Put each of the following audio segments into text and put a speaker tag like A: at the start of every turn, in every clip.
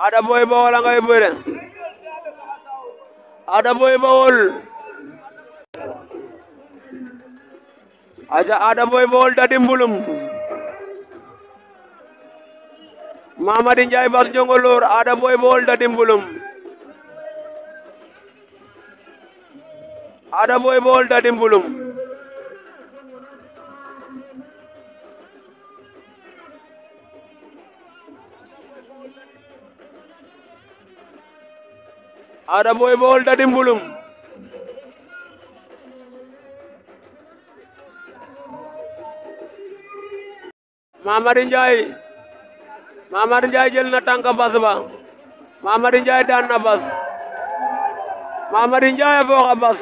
A: ada boy bawol angay mbere ada boy bawol aja ada boy bawol dadi mbulum mamadi njay bar jongolor ada boy bawol dadi mbulum ada boy bawol dadi mbulum Ada Boy Baol Dady Mbulum Mamady Ndiaye Mamady Ndiaye jël na tànka bas ba Mamady Ndiaye daan na bas Mamady Ndiaye fooxa bas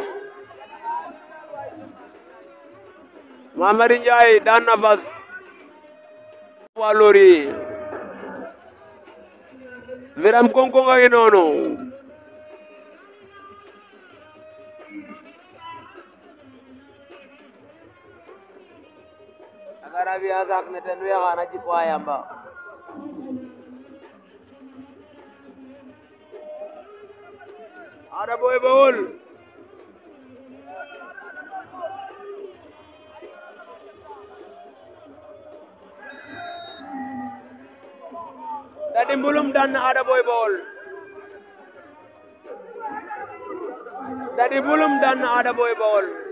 A: Mamady Ndiaye daan na bas waa lori Biram Konkong a ngi
B: biasa kena netendu ya kana ayam, yamba ada boy baul Tadi belum dan ada boy baul. Tadi belum dan ada boy baul.